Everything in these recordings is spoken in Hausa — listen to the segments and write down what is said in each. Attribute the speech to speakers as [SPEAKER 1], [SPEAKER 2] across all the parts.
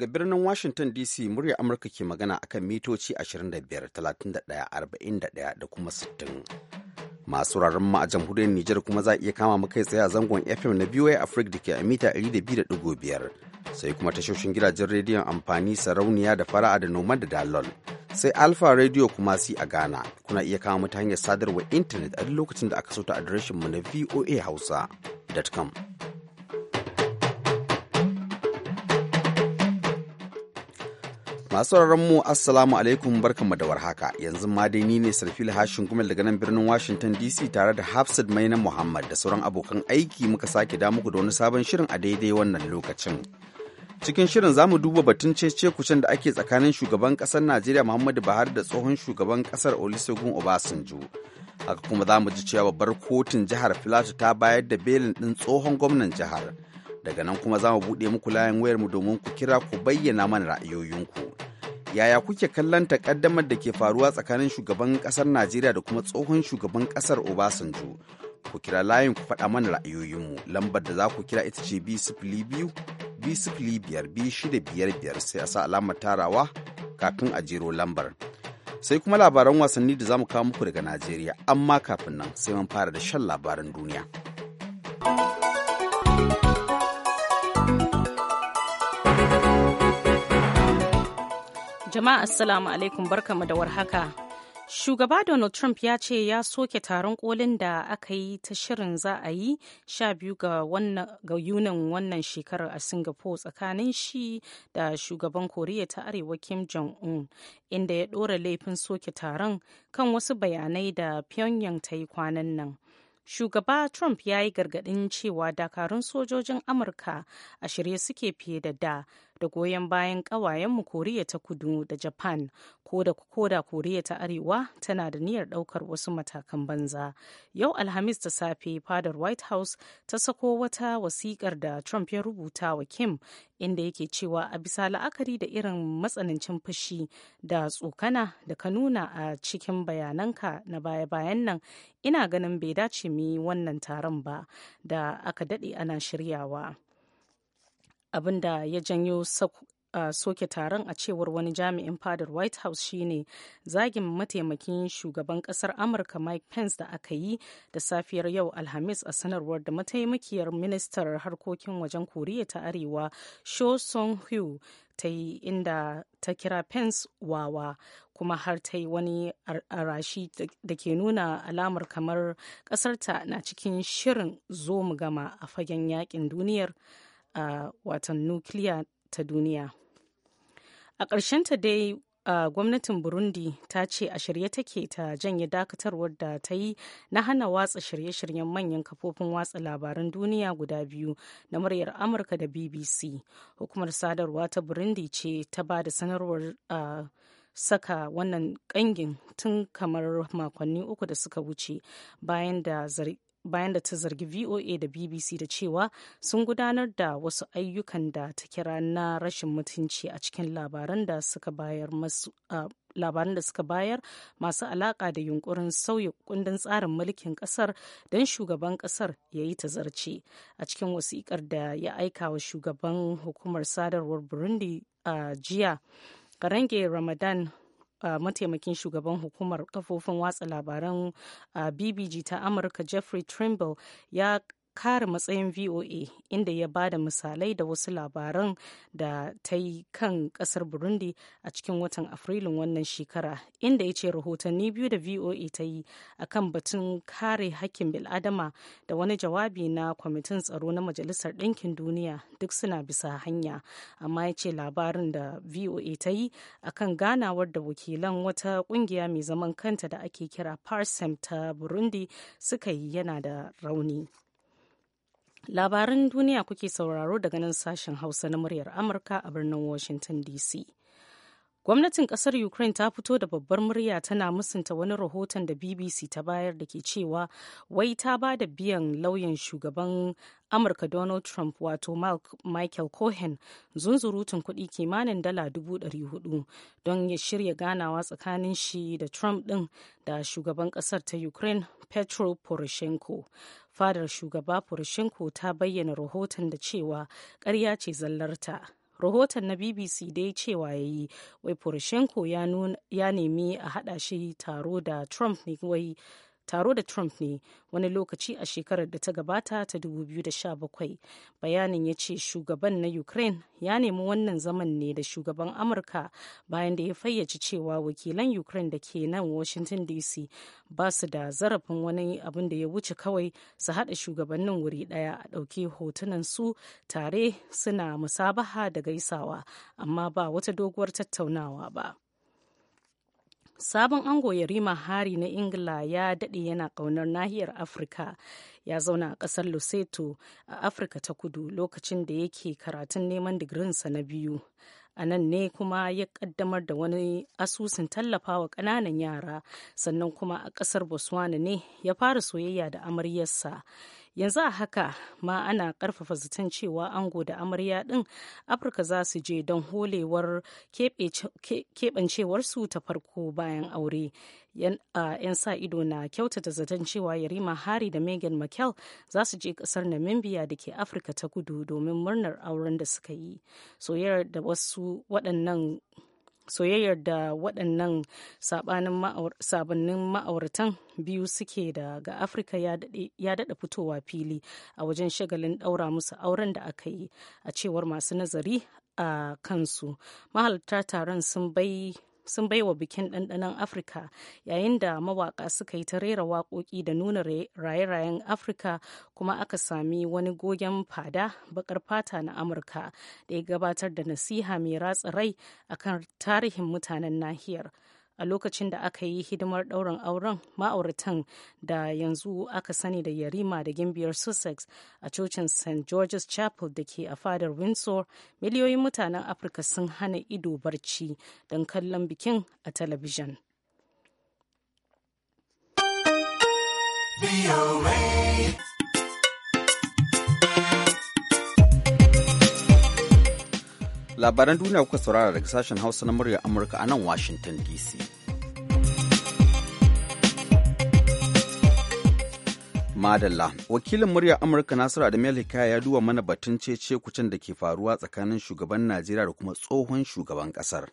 [SPEAKER 1] Daga birnin Washington DC murya Amurka ke magana akan mitoci 25, 31, 41 da kuma 60. Masu rarrun ma a jamhuriyar Nijar kuma za a iya kama kai tsaye a zangon FM na BOA Africa da ke a mita 200.5 sai kuma tashoshin gidajen rediyon amfani sarauniya da fara'a da noma da dalol. Sai Alpha Radio kuma si a Ghana kuna iya kama ta hanyar sadarwar intanet a duk lokacin da aka so ta adireshin mu na voahausa.com. Masu mu Assalamu alaikum barkanmu da warhaka yanzu ma dai ni ne sarfil hashin gumel daga nan birnin Washington DC tare da Hafsat Maina Muhammad da sauran abokan aiki muka sake da muku da wani sabon shirin a daidai wannan lokacin. Cikin shirin za mu duba batun cece kucin da ake tsakanin shugaban ƙasar Najeriya Muhammadu Buhari da tsohon shugaban ƙasar Olusegun Obasanjo. Haka kuma za mu ji cewa babbar kotun jihar Filato ta bayar da belin ɗin tsohon gwamnan jihar. Daga nan kuma za mu buɗe muku layin wayarmu domin ku kira ku bayyana mana ra'ayoyinku. yaya kuke kallon takaddamar da ke faruwa tsakanin shugaban kasar najeriya da kuma tsohon shugaban kasar obasanjo ku kira layin ku faɗa mana ra'ayoyinmu lambar da za ku kira ita ce b sifili biyu sifili biyar shida biyar biyar sai a sa alamar tarawa kafin a jero lambar sai kuma labaran wasanni da zamu kawo muku daga najeriya amma kafin nan sai mun fara da shan labaran duniya.
[SPEAKER 2] Jama'a Assalamu alaikum barkamu da warhaka. Shugaba Donald Trump ya ce ya soke taron kolin da aka yi ta shirin za a yi 12 ga, ga Yunin wannan shekarar a Singapore tsakanin shi da shugaban Koriya ta Arewa Kim Jong-un, inda ya ɗora laifin soke taron kan wasu bayanai da Pyongyang ta yi kwanan nan. shugaba trump ya yi gargadin cewa dakarun sojojin amurka a shirye suke fiye da da da goyon bayan ƙawayenmu koriya ta kudu da japan ko da koriya ta arewa tana da niyyar ɗaukar wasu matakan banza yau alhamis da safe fadar white house ta sako wata wasiƙar da trump ya rubuta wa kim inda yake cewa a bisa la'akari da irin matsanancin fushi da tsokana da ka nuna a cikin bayananka na baya-bayan nan ina ganin bai dace mu wannan taron ba da aka daɗe ana shiryawa. abin da ya janyo a soke taron a cewar wani jami'in fadar white house shine zagin mataimakin shugaban kasar amurka mike pence da aka yi da safiyar yau alhamis a sanarwar da mataimakiyar ministar harkokin wajen koriya ta arewa sho song hu ta yi inda ta kira pence wawa kuma har ta yi wani arashi da ke nuna alamar kamar kasarta na cikin shirin zo mu gama a fagen yakin duniyar a watan nukiliya ta duniya a ta dai a gwamnatin burundi ta ce a shirye take ta janye dakatarwar da ta yi na hana watsa shirye-shiryen manyan kafofin watsa labaran duniya guda biyu na muryar amurka da bbc hukumar sadarwa ta burundi ce ta ba da sanarwar uh, saka wannan kangin tun kamar makonni uku da suka wuce bayan da bayan da ta zargi VOA da BBC da cewa sun gudanar da wasu ayyukan da ta kira na rashin mutunci a cikin labaran da suka bayar masu labaran da suka bayar masu alaka da yunkurin sauya kundin tsarin mulkin kasar don shugaban kasar ya yi tazarce a cikin wasiƙar da ya aika wa shugaban hukumar sadarwar burundi a jiya Karange Ramadan mataimakin shugaban hukumar kafofin watsa labaran bbg ta amurka jeffrey trimble ya kare matsayin VOA inda ya ba da misalai da wasu labaran da ta yi kan kasar Burundi a cikin watan Afrilun wannan shekara inda ya ce rahotanni biyu da VOA ta yi a kan batun kare hakkin bil'adama da wani jawabi na kwamitin tsaro na Majalisar Ɗinkin Duniya duk suna bisa hanya amma ya ce labarin da VOA ta yi a kan ganawar da wakilan wata ƙungiya mai zaman kanta da ake kira Parsem ta Burundi suka yi yana da rauni. Labaran duniya kuke sauraro daga nan sashen Hausa na muryar Amurka a birnin Washington DC. Gwamnatin kasar Ukraine ta fito da babbar murya tana musunta wani rahoton da BBC ta bayar da ke cewa wai ta ba da biyan lauyan shugaban Amurka Donald Trump wato Michael Cohen zunzurutun kuɗi kimanin dala dubu ɗari hudu don ya shirya ganawa tsakanin shi da Trump ɗin da shugaban ƙasar ta Ukraine Petro Poroshenko. Fadar shugaba Poroshenko ta bayyana rahoton da cewa 'Karya ce zallarta. rahoton na bbc dai cewa ya yi wai poroshenko ya nemi a haɗa shi taro da trump ne taro da trump ne wani lokaci a shekarar da ta gabata ta 2017 bayanin ya ce shugaban na ukraine ya nemi wannan zaman ne da shugaban amurka bayan da ya fayyace cewa wakilan ukraine da ke nan washington dc ba su da zarafin wani abin da ya wuce kawai su haɗa shugabannin wuri ɗaya a ɗauki hotunan su tare suna musabaha da gaisawa amma ba wata doguwar tattaunawa ba. sabon ango yarima hari na ingila ya daɗe yana ƙaunar nahiyar afirka ya zauna a ƙasar lesotho a afirka ta kudu lokacin da yake karatun neman digirinsa na biyu a nan ne kuma ya kaddamar da wani asusun tallafawa ƙananan yara sannan kuma a ƙasar botswana ne ya fara soyayya da amaryarsa yanzu a haka ma ana karfafa zaton cewa ango da amarya din afirka za su je don holewar keɓancewarsu ta farko bayan aure yan sa ido na kyautata zaton cewa yarima hari da megan mckel za su je kasar namibia da ke afirka ta kudu domin murnar auren da suka yi soyayyar da wasu waɗannan soyayyar da waɗannan sabanin ma'auratan biyu suke da ga afirka ya daɗa fitowa fili a wajen shagalin ɗaura musu auren da aka yi a cewar masu nazari a kansu mahalarta taron sun bai sun bai wa bikin ɗanɗanon afirka yayin da mawaƙa suka yi ta rera waƙoƙi da nuna raye-rayen afirka kuma aka sami wani gogen fada baƙar fata na amurka da ya gabatar da nasiha mai ratsa rai akan tarihin mutanen nahiyar a lokacin da aka yi hidimar ɗaurin auren ma'auratan da yanzu aka sani da yarima da gimbiyar sussex a cocin st george's chapel da ke a fadar windsor miliyoyin mutanen afirka sun hana ido barci don kallon bikin a talabijin.
[SPEAKER 1] labaran duniya kuka saurara daga sashen hausa na murya amurka a nan washington dc madalla wakilin muryar amurka nasiru adamu hikaya ya duba mana batun cece kucin da ke faruwa tsakanin shugaban najeriya da kuma tsohon shugaban kasar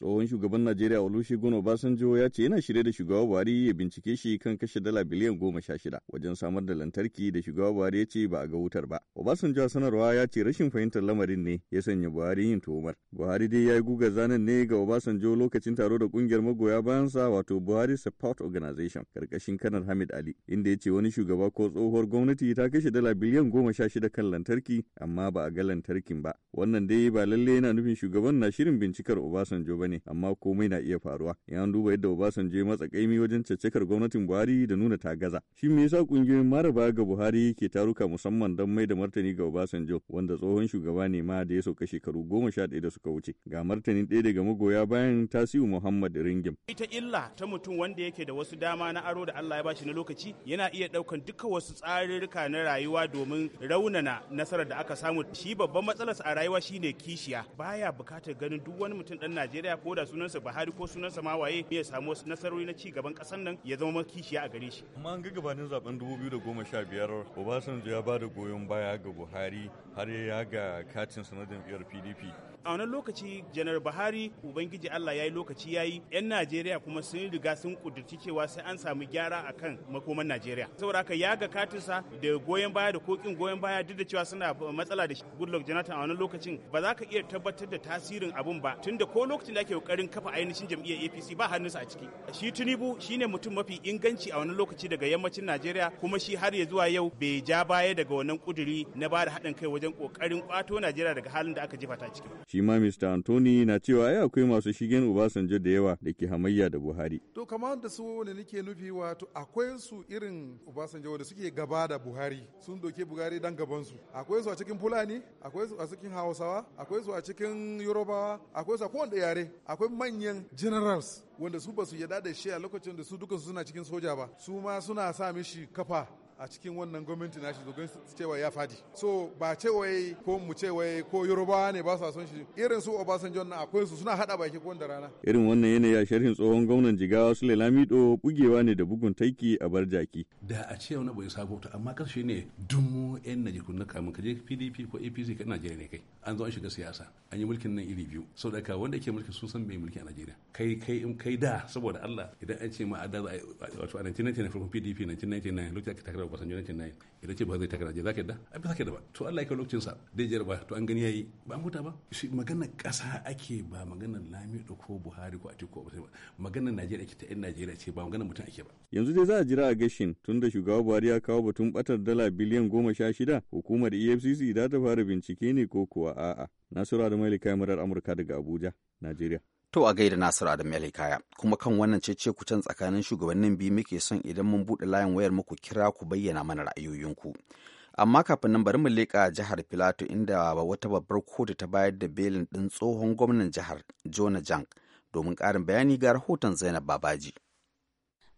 [SPEAKER 1] tsohon shugaban
[SPEAKER 3] najeriya olusegun obasanjo ya ce yana shirye da shugaba buhari ya bincike shi kan kashe dala biliyan goma sha shida wajen samar da lantarki da shugaba buhari ya ce ba a ga wutar ba obasanjo a sanarwa ya ce rashin fahimtar lamarin ne ya sanya buhari yin tuhumar buhari dai ya yi guga zanen ne ga obasanjo lokacin taro da kungiyar magoya bayan sa wato buhari support organization karkashin kanar hamid ali inda ya ce wani shugaba ko tsohuwar gwamnati ta kashe dala biliyan goma sha shida kan lantarki amma ba a ga lantarkin ba wannan dai ba lallai yana nufin shugaban na shirin bincikar obasanjo ba bane amma komai na iya faruwa yan duba yadda Obasanjo ya matsa kaimi wajen cecekar gwamnatin Buhari da nuna ta gaza. shi me yasa kungiyoyin maraba ga Buhari ke taruka musamman don mai da martani ga Obasanjo wanda tsohon shugaba ne ma da ya sauka shekaru goma sha ɗaya da suka wuce ga martanin ɗaya daga magoya bayan Tasiu Muhammad Ringim
[SPEAKER 1] ita illa ta mutum wanda yake da wasu dama na aro da Allah ya bashi na lokaci yana iya ɗaukan duka wasu tsarirrika na rayuwa domin raunana nasarar da aka samu shi babban matsalarsa a rayuwa shine kishiya baya bukatar ganin duk wani mutum ɗan Najeriya ko da sunansa Buhari ko sunansa ma waye ya samu nasarori na ci gaban ƙasar nan ya zama kishiya a gare shi. Amma an ga gabanin
[SPEAKER 3] zaben 2015 Obasanjo ya ba da goyon baya ga Buhari har ya ga katin sanadin jam'iyyar pdp
[SPEAKER 1] a wannan lokaci janar buhari ubangiji allah ya yi lokaci ya yi 'yan najeriya kuma sun riga sun kudurci cewa sai an samu gyara a kan makoman najeriya saboda haka ya ga katinsa da goyon baya da kokin goyon baya duk da cewa suna matsala da goodluck jonathan a wannan lokacin ba za ka iya tabbatar da tasirin abun ba tunda ko lokacin da ake kokarin kafa ainihin jam'iyyar apc ba hannunsa a ciki shi tinubu shine mutum mafi inganci a wannan lokaci daga yammacin najeriya kuma shi har ya zuwa yau bai ja baya daga wannan kuduri na ba da haɗin kai wajen wajen kokarin kwato Najeriya daga halin da aka jefa ta ciki.
[SPEAKER 3] Shi ma Mr. Anthony na cewa ai akwai masu shigen Obasanjo da yawa da ke hamayya da Buhari.
[SPEAKER 1] To kamar da su ne nake nufi wato akwai su irin Obasanjo da suke gaba da Buhari sun doke Buhari dan gaban su. Akwai su a cikin Fulani, akwai su a cikin Hausawa, akwai su a cikin Yorubawa, akwai su a kowanne yare, akwai manyan generals wanda su ba su yada da shi a lokacin da su dukansu suna cikin soja ba su ma suna sa mishi kafa a cikin wannan gwamnati nashi domin su cewa ya fadi so ba cewa ko mu cewa ko yorubawa ne ba sa son shi irin su obasanjo na akwai su suna hada baki ko da rana
[SPEAKER 3] irin wannan yanayi a sharhin tsohon gwamnan jigawa su lamido bugewa ne da bugun taiki a bar jaki da a ce wani bai sabo ta amma karshe ne dumo yan naji kun naka mun kaje pdp ko apc ka najeriya ne kai an zo an shiga siyasa an yi mulkin nan iri biyu saboda ka wanda ke mulki sun san mai mulki a najeriya kai kai kai da saboda allah idan an ce ma a da wato a 1999 na farkon pdp 1999 lokacin da takarar Obasanjo 99 idan ce ba zai taka Najeriya zaka yadda ai ba zaka yadda ba to Allah ya kai lokacin sa dai ba to an gani yayi ba an huta ba shi magana kasa ake ba magana Lamido ko Buhari ko Atiku ba magana Najeriya ake ta yan Najeriya ce ba magana mutum ake ba yanzu dai za a jira a gashin tunda shugaba Buhari ya kawo batun batar dala biliyan goma sha shida hukumar EFCC za ta fara bincike ne
[SPEAKER 1] ko kuwa a'a Nasura da Malika Murar Amurka daga Abuja Najeriya To a gaida Nasiru Adam Alhikaya, kuma kan wannan cece kucen tsakanin shugabannin biyu muke son idan mun buɗe layin wayar muku kira ku bayyana mana ra'ayoyinku. Amma kafin nan bari mu leƙa jihar Filato inda wata babbar kotu ta bayar da belin ɗin tsohon gwamnan jihar Jona Jang domin ƙarin bayani ga rahoton Zainab Babaji.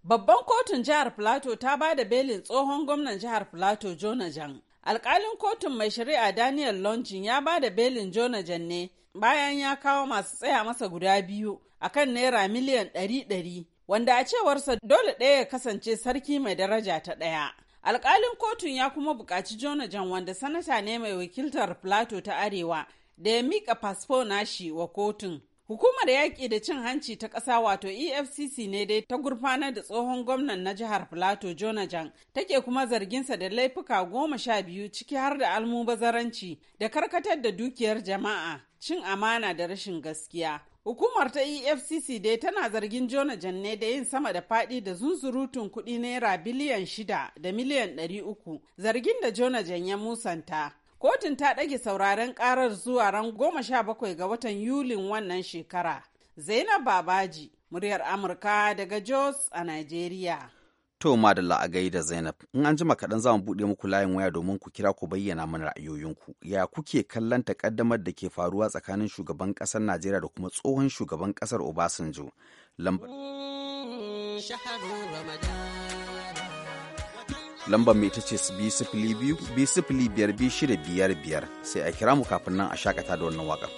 [SPEAKER 4] Babban kotun jihar Filato ta ba da belin tsohon gwamnan jihar Filato Jona Jang alkalin kotun mai shari'a daniel longin ya ba da belin jona janne bayan ya kawo masu tsaya masa guda biyu akan naira miliyan ɗari ɗari wanda a cewarsa dole ɗaya ya kasance sarki mai daraja ta ɗaya alkalin kotun ya kuma buƙaci jona jan wanda sanata ne mai wakiltar plato ta arewa da ya mika fasfo nashi wa kotun Hukumar yaƙi da cin hanci ta ƙasa wato EFCC ne dai ta gurfanar da tsohon gwamnan na jihar Filato Jonajan take kuma zarginsa da laifuka goma sha biyu ciki har da almubazaranci da karkatar da dukiyar jama'a cin amana da rashin gaskiya. Hukumar ta EFCC dai tana zargin Jonajan ne da yin sama da faɗi da zunzurutun kuɗi naira biliyan shida da miliyan ɗari uku zargin da Jonajan ya musanta. Kotun ta ɗage sauraren ƙarar zuwa ran goma sha bakwai ga watan Yulin wannan shekara. Zainab Babaji, muryar Amurka daga Jos a nigeria.
[SPEAKER 1] To madalla a gaida Zainab, in an jima kaɗan za mu buɗe muku layin waya domin ku kira ku bayyana mana ra'ayoyinku. Ya kuke kallon takaddamar da ke faruwa tsakanin shugaban ƙasar Najeriya da kuma tsohon shugaban ƙasar Obasanjo. Lambar. lambar mai ita ce biyar biyar sai a kira mu kafin nan a shakata da wannan waƙar.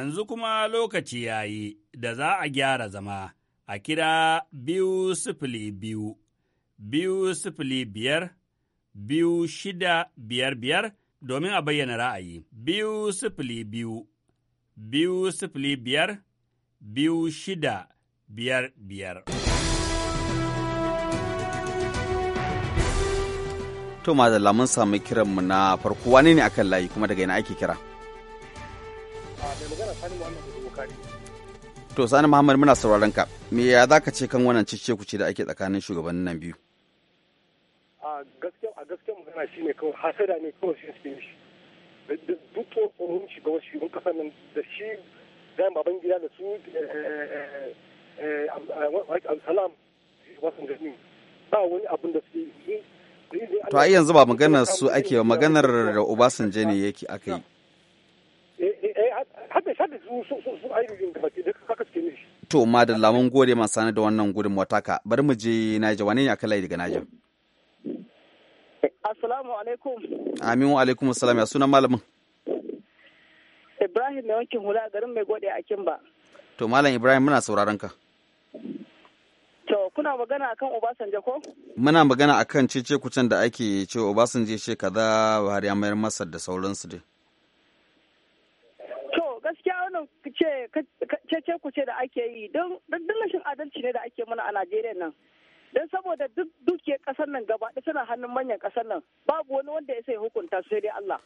[SPEAKER 3] yanzu kuma lokaci ya yi da za a gyara zama a kira biyu sifili biyu, biyu sifili biyar, biyu shida biyar biyar domin a bayyana ra'ayi, biyu sifili biyu, biyu sifili biyar, biyu shida biyar biyar.
[SPEAKER 1] To, da lamun sami kiranmu na farko, wane ne akan layi kuma daga yana ake kira?
[SPEAKER 5] magana Sani Muhammad da Bukari.
[SPEAKER 1] To Sani Muhammad muna sauraron ka. Me ya za ka ce kan wannan cece kuce da ake tsakanin shugabannin nan biyu?
[SPEAKER 5] A gaskiya a gaskiya magana shine kawai hasada ne kawai shi suke shi. da Duk tsoron wasu shugaban kasar nan da shi zan baban gida da su eh, eh, eh, salam wasan gani ba wani abin da suke yi. To a yanzu ba maganar su ake maganar
[SPEAKER 1] da Obasanjo ne yake aka yi.
[SPEAKER 5] da su su ainihin gabaki da kaka suke nishi.
[SPEAKER 1] To madalla mun gode ma sanar da wannan gudun wataka bari mu je Naija wani ya akalai daga Naija? Assalamu alaikum. Amin wa alaikum assalam ya sunan malamin.
[SPEAKER 5] Ibrahim mai wankin hula garin mai gode a Kimba.
[SPEAKER 1] To malam Ibrahim muna sauraron ka.
[SPEAKER 5] To kuna magana akan Obasanjo ko?
[SPEAKER 1] Muna magana akan cece kucin da ake cewa Obasanjo shekada kaza Buhari ya mayar masa da sauransu
[SPEAKER 5] dai. ku kuce da ake yi don rashin adalci ne da ake mana a Najeriya nan. Don saboda duk dukiyar kasar nan gaba da tana hannun manyan kasar nan babu wani wanda ya sai hukunta su dai Allah.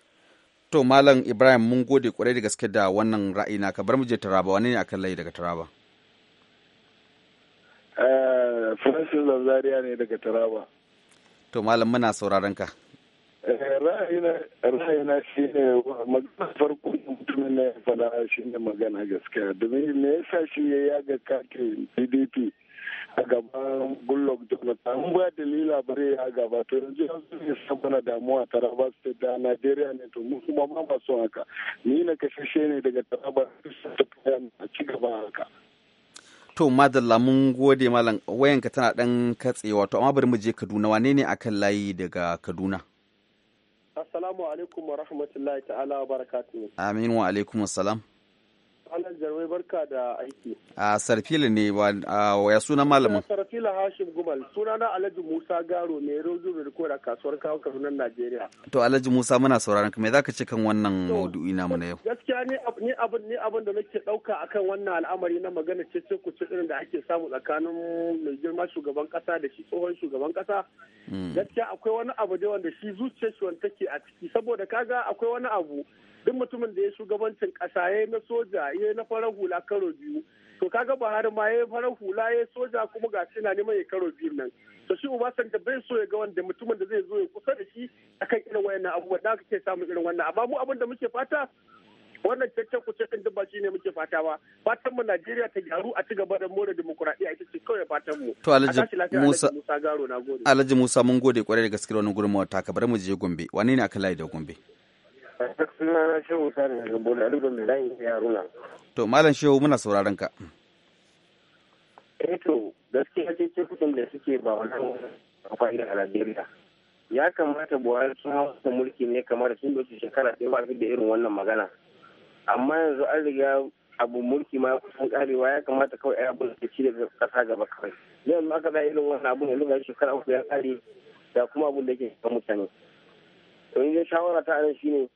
[SPEAKER 1] To Malam Ibrahim mun gode kwarai da gaske da wannan ra'ayi na ka bar mu je Taraba wani ne akan layi daga Taraba?
[SPEAKER 5] Eh, Francis Lazariya ne daga Taraba.
[SPEAKER 1] To Malam muna sauraron ka.
[SPEAKER 5] Eh, ra'ayina shi ne magana farko abin na ya faɗa shi ne magana gaskiya domin me sa shi ya yaga kake pdp a gaban goodluck jonathan ba dalila bare a gaba to yanzu ya ne sabana damuwa taraba su da nigeria ne to mu kuma ma ba son haka ni na kashashe ne daga taraba a ci gaba haka
[SPEAKER 1] to madalla mun gode malam wayanka tana dan katsewa to amma bari mu je kaduna wane ne akan layi daga kaduna Assalamu
[SPEAKER 5] alaikum wa rahmatullahi ta'ala wa barakatuhu.
[SPEAKER 1] Amin wa alaikum assalam.
[SPEAKER 5] Alan Jarwai barka da aiki.
[SPEAKER 1] A Sarfila ne ya suna malamin.
[SPEAKER 5] Sarfila Hashim Gumal sunana Alhaji Musa Garo mai rojo da koda kasuwar kawo Kaduna Najeriya.
[SPEAKER 1] To Alhaji Musa muna sauraron kuma za ka ce kan wannan maudu'i namu na yau?
[SPEAKER 5] Gaskiya ni ni abin ni abin da nake dauka akan wannan al'amari na magana ce ce ce irin da ake samu tsakanin mai girma shugaban kasa da shi tsohon shugaban kasa. Hmm. Gaskiya akwai wani abu da wanda shi zuciyar shi wanda take a ciki saboda kaga akwai wani abu duk mutumin da ya shugabancin kasa ya na soja ne na farar hula karo biyu to kaga Buhari ma ya farar hula ya soja kuma ga shi na neman ya karo biyu nan to shi Obasanjo bai so ya ga wanda mutumin da zai zo ya kusa da shi akan irin wayannan abubuwa da kake samun irin wannan amma mu abin da muke fata wannan cancan kuce ɗin duk ba shi ne muke fata ba fatan mu Najeriya ta gyaru a ci gaba da more demokuraɗiyya ita ce kawai fatan mu to Alhaji Musa Garo na gode Alhaji
[SPEAKER 1] Musa mun gode kwarai da gaskiya wannan gudunmawar taka bari mu je Gombe wane ne aka layi da Gombe
[SPEAKER 5] sunana shehu sani daga bola duba mai layin yaruna
[SPEAKER 1] to malam shehu muna sauraron ka
[SPEAKER 5] eh to gaskiya ce ce kudin da suke ba wannan amfani a Najeriya ya kamata buhari sun hausa mulki ne kamar sun dauki shekara ɗaya ba da irin wannan magana amma yanzu an riga abu mulki ma kusan karewa ya kamata kawai ai abin da ci daga kasa gaba kawai yanzu aka da irin wannan abun yanzu ga shekara uku ya kare da kuma abun da yake kan mutane to in shawara ta anan shine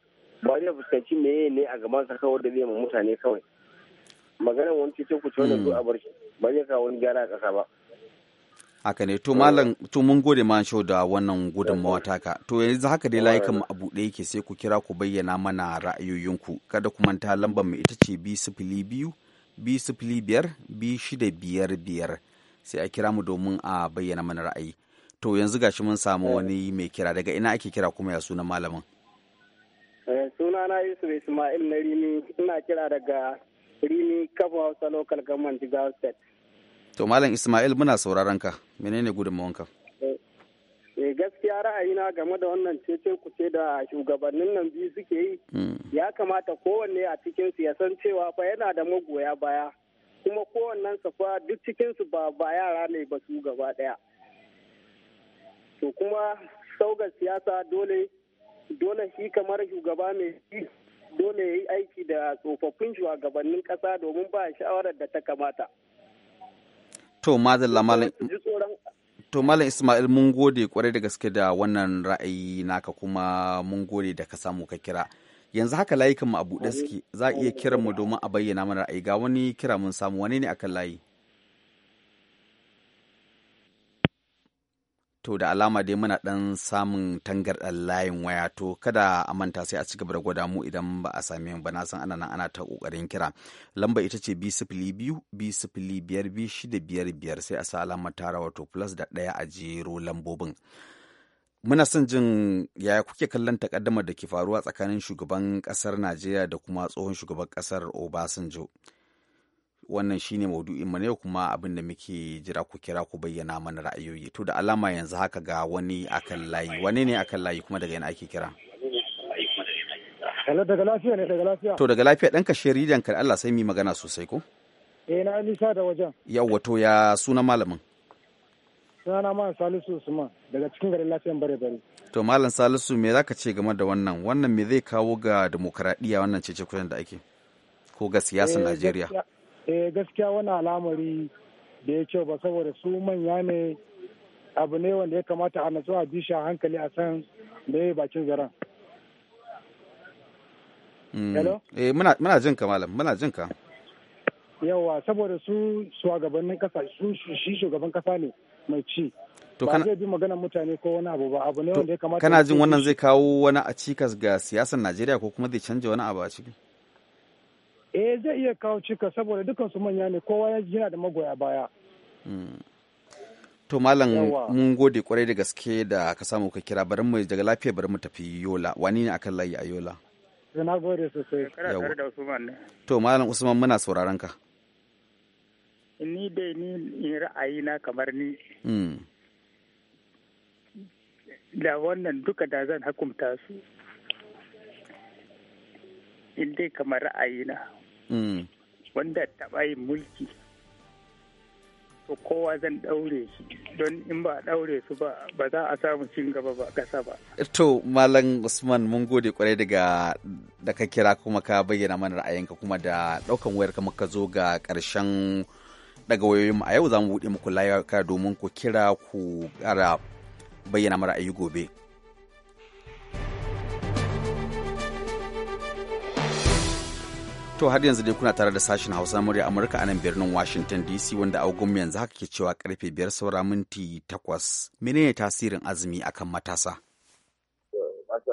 [SPEAKER 5] ba zai fuskanci meye ne a gaban sa kawar da zai ma mutane kawai maganar wani cece ku ce wani zo hmm. a bar ba zai kawo wani gyara a ƙasa ba
[SPEAKER 1] haka ne to malam to mun gode ma shau da wannan gudunmawa taka to yanzu haka dai layukan mu a buɗe yake sai ku kira ku bayyana mana ra'ayoyinku kada ku manta lambar mu ita ce bi sifili biyu bi sifili biyar bi shida biyar biyar sai a kira mu domin a bayyana mana ra'ayi to yanzu gashi mun samu eh. wani mai kira daga ina ake kira kuma ya suna malamin
[SPEAKER 5] suna eh, sunana yusuf ismail na rimi ina kira daga rimi kafa hausa local government jigawa state
[SPEAKER 1] to malam ismail muna sauraron ka menene gudunmawanka
[SPEAKER 5] eh, eh gaskiya ra'ayina game da wannan cece kuce da shugabannin nan biyu suke yi hmm. ya kamata kowanne a cikinsu ya san cewa fa yana da magoya baya kuma kowannen su fa duk cikinsu ba ba yara ne ba su gaba daya to kuma saugar siyasa dole dole shi kamar shugaba mai shi dole ya yi aiki da tsofaffin shugabannin kasa domin ba shawarar da ta kamata.
[SPEAKER 1] To, Malam. Ismail mun gode kwarai da gaske da wannan ra'ayi naka kuma mun gode da ka samu ka kira. Yanzu haka layukan mu a buɗe suke za a iya kiranmu domin a bayyana mana ra'ayi ga wani kira mun samu wani ne akan layi. To da alama dai muna ɗan samun tangarɗar layin waya to kada a manta sai a ci gaba da gwada mu idan ba a same mu ba na san ana nan ana ta ƙoƙarin kira. Lamba ita ce b sifili biyu sifili biyar shida biyar biyar sai a sa alamar tara wato plus da ɗaya a jero lambobin. Muna son jin yaya kuke kallon takaddamar da ke faruwa tsakanin shugaban ƙasar Najeriya da kuma tsohon shugaban ƙasar Obasanjo. wannan shine maudu'in mu ne kuma abin da muke jira ku kira ku bayyana mana ra'ayoyi to da alama yanzu haka ga wani akan layi wani ne akan layi kuma daga yana ake kira
[SPEAKER 5] Hello daga lafiya ne daga lafiya to
[SPEAKER 1] daga lafiya ɗan kashe ridan ka Allah sai mu magana sosai ko
[SPEAKER 5] eh na nisa da wajen
[SPEAKER 1] yawa to ya suna malamin
[SPEAKER 5] sunana ma salisu usman daga cikin garin lafiyan bare bare
[SPEAKER 1] to malam salisu me zaka ce game da wannan wannan me zai kawo ga demokradiya wannan cece kuren da ake ko ga siyasar eh, najeriya
[SPEAKER 5] eh gaskiya wani al'amari da ya ce ba saboda su manya ne abu ne wanda ya kamata a natsuwa bisha hankali a san da ya bakin zaren.
[SPEAKER 1] Mm. Hello? Eh, muna jin ka malam, muna jin ka.
[SPEAKER 5] Yawa, saboda su shugabannin kasa, su shi shugaban kasa ne mai ci. To ba zai bi magana mutane ko wani abu ba, abu ne wanda ya kamata. Kana jin wannan zai
[SPEAKER 1] kawo wani a cikas ga siyasar Najeriya ko kuma zai canja wani abu a ciki?
[SPEAKER 5] eh zai iya kawo cika saboda dukkan su manya ne kowa ya jina da magoya baya
[SPEAKER 1] hmm. to malam mun gode kwarai da gaske da ka samu ka kira bari mu daga lafiya bari mu tafi yola wani ne akan layi a yola
[SPEAKER 5] na gode sosai kana da usman ne
[SPEAKER 1] to malam usman muna sauraron ka
[SPEAKER 5] ni dai ni in ra'ayi na kamar ni hmm. da wannan duka da zan hukunta su in dai kamar ra'ayi na Mm. wanda taɓa yin mulki to kowa zan ɗaure shi don in ba ɗaure su ba ba za a samu cin gaba ba ƙasa ba.
[SPEAKER 1] To Malam Usman mun gode kwarai daga da ka kira kuma ka bayyana mana ra'ayinka kuma da ɗaukan wayar ka muka zo ga ƙarshen daga wayoyinmu a yau za mu buɗe muku layuka domin ku kira ku kara bayyana mana ra'ayi gobe. To har yanzu dai kuna tare da sashen Hausa na murya Amurka a nan birnin Washington DC wanda mu yanzu haka ke cewa karfe biyar saura minti takwas. Menene tasirin azumi akan matasa?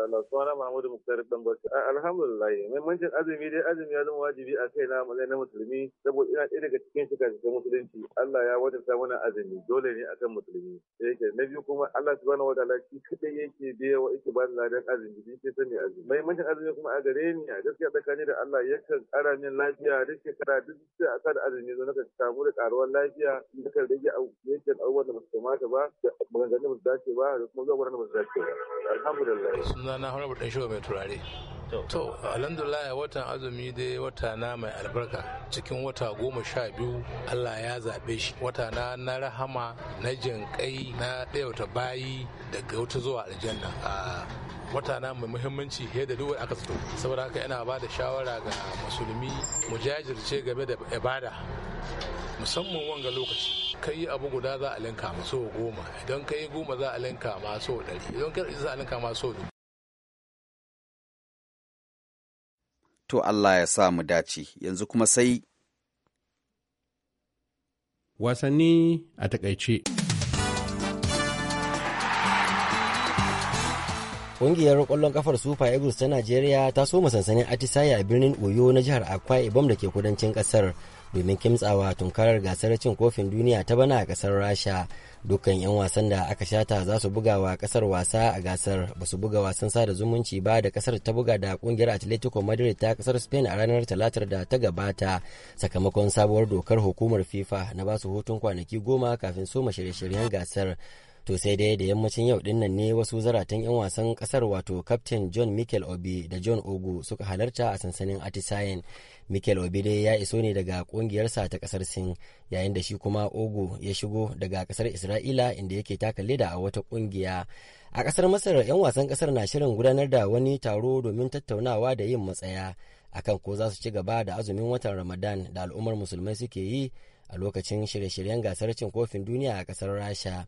[SPEAKER 5] Allah suwana Muhammadu Muktar dan Bashir alhamdulillah muhimmancin azumi dai azumi ya zama wajibi a kai na malai na musulmi saboda ina ɗaya daga cikin shiga cikin musulunci Allah ya wajabta mana azumi dole ne akan musulmi yake na biyu kuma Allah subhanahu wataala shi kadai yake biya wa yake bani ladan azumi shi ke sani azumi muhimmancin azumi kuma a gare ni a gaskiya tsakani da Allah yakan ƙara min lafiya duk shekara duk sai a kan azumi zo naka samu da ƙaruwar lafiya naka rage yankin abubuwan da ba su kamata ba da maganganun da ba da kuma zuwa wurin da ba su dace ba alhamdulillah sunana
[SPEAKER 3] honorable dan shehu mai turare
[SPEAKER 5] to alhamdulillah watan azumi dai wata na mai albarka cikin wata goma sha biyu allah ya zaɓe shi wata na na rahama na jinƙai na ɗayauta bayi daga wata zuwa aljanna a wata na mai muhimmanci ya da duk aka tsoro saboda haka yana ba da shawara ga musulmi mu jajirce game da ibada musamman wanga lokaci kai yi abu guda za a linka maso goma idan kai goma za a linka maso so ɗari idan kai za a linka maso so
[SPEAKER 1] to Allah ya sa mu dace yanzu kuma sai
[SPEAKER 6] wasanni a takaice. Ƙungiyar ƙwallon ƙafar Super Eagles ta Najeriya ta soma sansanin Atisaya a birnin Oyo na jihar Akwa Ibom da ke kudancin ƙasar domin kimtsawa tunkarar gasar cin kofin duniya ta bana a ƙasar Rasha. dukkan 'yan wasan da aka shata za su buga wa kasar wasa a gasar ba su buga wasan sada zumunci ba da kasar ta buga da kungiyar atletico madrid ta kasar spain a ranar talatar da ta gabata sakamakon sabuwar dokar hukumar fifa na ba su hutun kwanaki goma kafin soma shirye-shiryen gasar to sai dai da yammacin yau dinnan ne wasu zaratan 'yan wasan kasar wato captain john michael obi da john ogu suka halarta a sansanin atisayen michael obi dai ya iso ne daga kungiyarsa ta kasar sin yayin da shi kuma ogu ya shigo daga kasar isra'ila inda yake taka leda a wata kungiya a kasar masar 'yan wasan kasar na shirin gudanar da wani taro domin tattaunawa da yin matsaya akan ko za su ci gaba da azumin watan ramadan da al'ummar musulmai suke yi a lokacin shirye-shiryen gasar cin kofin duniya a kasar rasha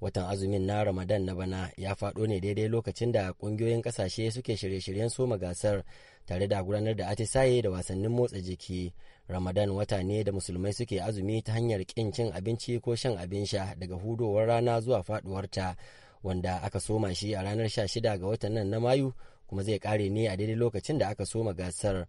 [SPEAKER 6] watan azumin na ramadan na bana ya faɗo ne daidai lokacin da ƙungiyoyin ƙasashe suke shirye-shiryen soma gasar tare da gudanar da atisaye da wasannin motsa jiki ramadan wata ne da musulmai suke azumi ta hanyar ƙin cin abinci ko shan abin sha daga hudowar rana zuwa faɗuwarta wanda aka soma shi a ranar 16 ga watan nan na mayu kuma zai kare ne a daidai lokacin da aka soma gasar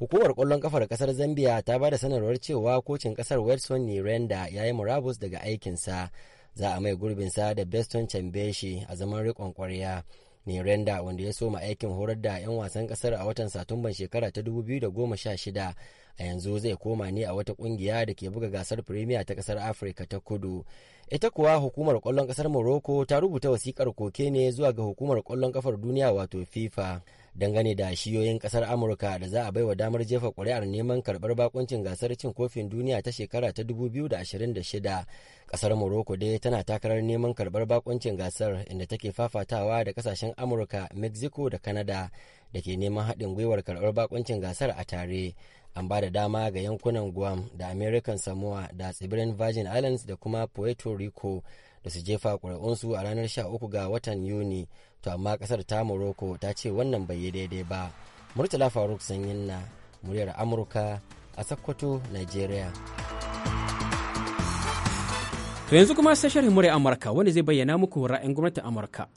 [SPEAKER 6] hukumar kwallon kafar kasar zambia ta ba da sanarwar cewa kocin kasar ne renda ya yi murabus daga aikinsa za a mai gurbinsa da beston cambeshi a zaman kwarya ne renda wanda ya soma aikin horar da 'yan wasan kasar a watan Satumban shekara ta 2016 a yanzu zai koma ne a wata kungiya da ke buga gasar Premier ta kasar Afirka ta kudu. Ita kuwa hukumar kwallon kasar Morocco ta rubuta wasikar koke ne zuwa ga hukumar kwallon kafar duniya wato FIFA. dangane da shiyoyin kasar amurka da za a bai wa damar jefa kuri'ar neman karbar bakuncin gasar cin kofin duniya ta shekara ta 2026 kasar morocco dai tana takarar neman karbar bakuncin gasar inda take fafatawa da kasashen amurka mexico da canada da ke neman haɗin gwiwar karbar bakuncin gasar a tare an ba da dama ga yankunan guam da american samoa da tsibirin virgin islands da kuma puerto rico da su jefa ƙuri'unsu a ranar 13 ga watan yuni to amma ƙasar ta morocco ta ce wannan bai yi daidai ba murtala faruk sanyin na muryar amurka a sakkwato nigeria
[SPEAKER 7] to yanzu kuma sashen muryar amurka wanda zai bayyana muku ra'ayin gwamnatin amurka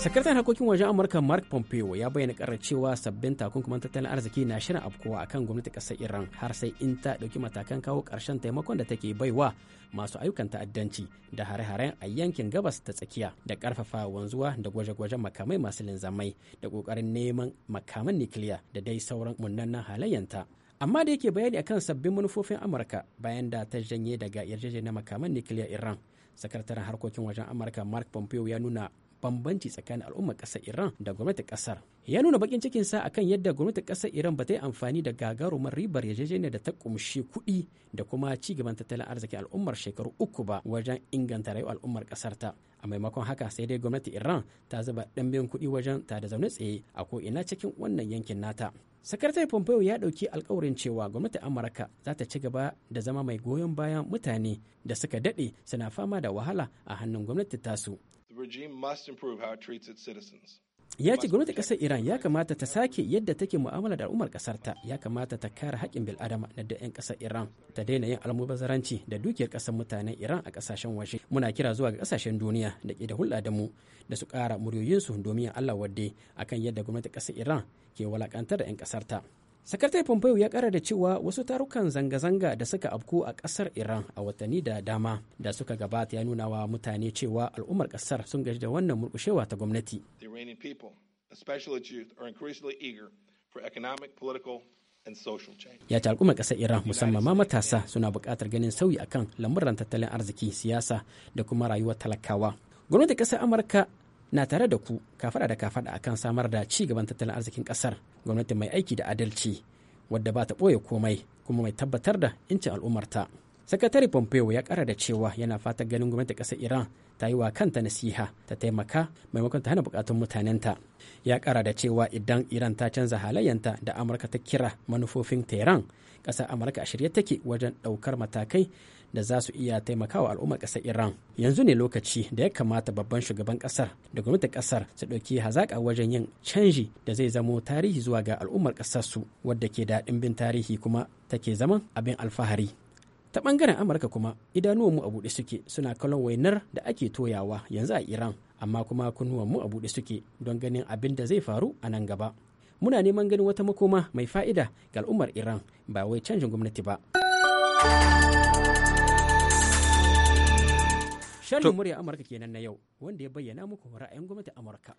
[SPEAKER 7] sakataren harkokin wajen amurka mark pompeo ya bayyana karar cewa sabbin takunkuman tattalin arziki na shirin a kan gwamnati kasar iran har sai in ta ɗauki matakan kawo ƙarshen taimakon da take baiwa masu ayyukan ta'addanci da hare-haren a yankin gabas ta tsakiya da ƙarfafa wanzuwa da gwaje-gwajen makamai masu linzamai da ƙoƙarin neman makaman nukiliya da dai sauran munanan halayyanta amma da yake bayani akan sabbin manufofin amurka bayan da ta janye daga yarjejeniyar makaman nukiliya iran sakataren harkokin wajen amurka mark pompeo ya nuna bambanci tsakanin al'ummar ƙasar Iran da gwamnatin ƙasar. Ya nuna bakin cikin sa akan yadda gwamnatin ƙasar Iran ba ta yi amfani da gagarumar ribar yarjejeniyar da ta kumshi kuɗi da kuma ci gaban tattalin arzikin al'ummar shekaru uku ba wajen inganta rayuwar al'ummar ƙasar ta. a maimakon haka sai dai gwamnati iran ta zuba ɗanbin kuɗi wajen ta da zaune tsaye a ko ina cikin wannan yankin nata sakatare pompeo ya ɗauki alkawarin cewa gwamnati amurka za ta ci gaba da zama mai goyon bayan mutane da suka daɗe suna fama da wahala a hannun gwamnati tasu Ya ce gwamnatin ƙasar Iran ya kamata ta sake yadda take mu'amala da al'ummar ƙasarta, ya kamata ta kare haƙƙin bil'adama na da 'yan ƙasar Iran, ta daina yin almubazzaranci da dukiyar ƙasar mutanen Iran a ƙasashen waje. Muna kira zuwa ga ƙasashen duniya da ke da hulɗa da mu da su ƙara muryoyinsu domin Allah wadde akan yadda gwamnatin ƙasar Iran ke walakantar da 'yan ƙasarta. sakatare pompeo ya kara da cewa wasu tarukan zanga-zanga da suka afku a kasar iran a watanni da dama da suka gabata ya nuna wa mutane cewa al'ummar kasar sun gaji da wannan murkushewa ta gwamnati ya ce al'ummar kasar iran musamman ma matasa suna bukatar ganin sauyi akan lamuran tattalin arziki siyasa da kuma rayuwar talakawa gwamnatin kasar amurka na tare da ku kafada da kafada akan samar da ci gaban tattalin arzikin kasar gwamnati mai aiki da adalci wadda ba ta ɓoye komai kuma mai tabbatar da incin al'ummarta sakatare pompeo ya kara da cewa yana fatan ganin gwamnati kasar iran ta yi wa kanta nasiha ta taimaka maimakon ta hana bukatun mutanenta ya kara da cewa idan iran ta canza halayyanta da amurka ta kira manufofin tehran ƙasar amurka a shirye take wajen ɗaukar matakai da za su iya taimakawa al'ummar ƙasar iran yanzu ne lokaci da ya kamata babban shugaban ƙasar da gwamnatin ƙasar su ɗauki hazaƙa wajen yin canji da zai zamo tarihi zuwa ga al'ummar ƙasar su wadda ke daɗin bin tarihi kuma take zaman abin alfahari ta ɓangaren amurka kuma idanuwanmu a buɗe suke suna kallon wainar da ake toyawa yanzu a iran amma kuma kunnuwanmu a buɗe suke don ganin abin da zai faru a nan gaba muna neman ganin wata makoma mai fa'ida ga al'ummar iran ba wai canjin gwamnati ba Sharhin murya Amurka kenan na yau wanda ya bayyana muku ra'ayin gwamnatin Amurka.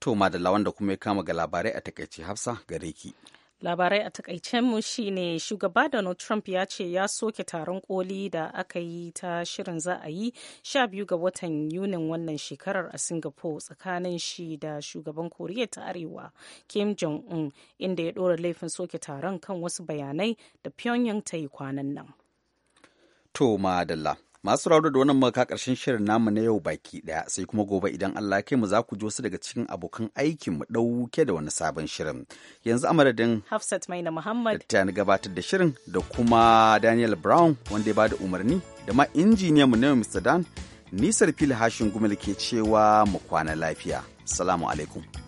[SPEAKER 1] To madalla wanda kuma ya kama ga labarai a takaice Hafsa gare ki.
[SPEAKER 2] Labarai a takaicen mu shine shugaba Donald Trump ya ce ya soke taron koli da aka yi ta shirin za a yi sha biyu ga watan Yunin wannan shekarar a Singapore tsakanin shi da shugaban Koriya ta Arewa Kim Jong-un inda ya ɗora laifin soke taron kan wasu bayanai da Pyongyang ta yi kwanan nan.
[SPEAKER 1] To madalla Masu rauro da wannan maka karshen shirin namu na yau baki ɗaya sai kuma gobe idan Allah kai mu za ku ji wasu daga cikin abokan aikin mu ɗauke da wani sabon shirin. Yanzu amaradin
[SPEAKER 2] Hafsat Maina Muhammad
[SPEAKER 1] ta gabatar da shirin da kuma Daniel Brown wanda ya bada umarni da ma injiniyan mu na Mr. Dan nisar fil hashin gumal ke cewa mu kwana lafiya. assalamu alaikum.